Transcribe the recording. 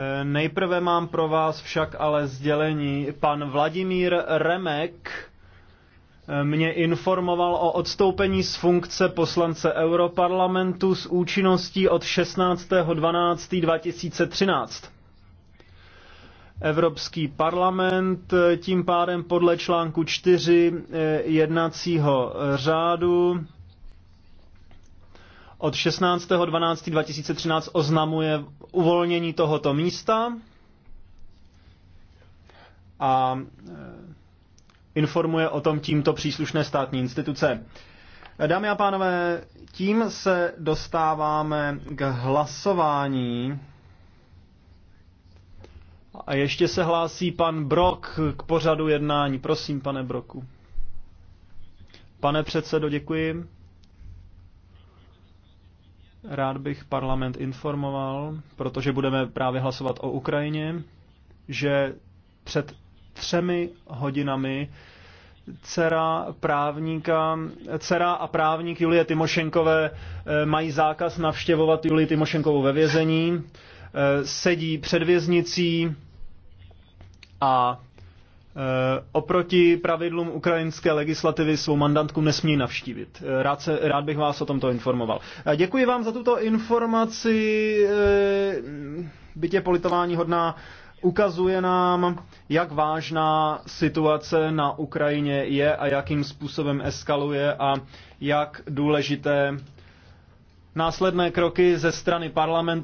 E, nejprve mám pro vás však ale sdělení. Pan Vladimír Remek e, mě informoval o odstoupení z funkce poslance Europarlamentu s účinností od 16.12.2013. Evropský parlament e, tím pádem podle článku 4 jednacího řádu od 16.12.2013 oznamuje uvolnění tohoto místa a eh, informuje o tom tímto příslušné státní instituce. Dámy a pánové, tím se dostáváme k hlasování. A ještě se hlásí pan Brok k pořadu jednání. Prosím, pane Broku. Pane předsedo, děkuji. Rád bych parlament informoval, protože budeme právě hlasovat o Ukrajině, že před třemi hodinami dcera právníka, dcera a právník Julie Timošenkové eh, mají zákaz navštěvovat Julii Timošenkovou ve vězení, eh, sedí před věznicí a Eh, oproti pravidlům ukrajinské legislativy svou mandantku nesmí navštívit. Eh, rád, se, rád bych vás o tomto informoval. Eh, děkuji vám za tuto informaci, bytě politování hodná. Ukazuje nám, jak vážná situace na Ukrajině je a jakým způsobem eskaluje a jak důležité následné kroky ze strany parlamentu.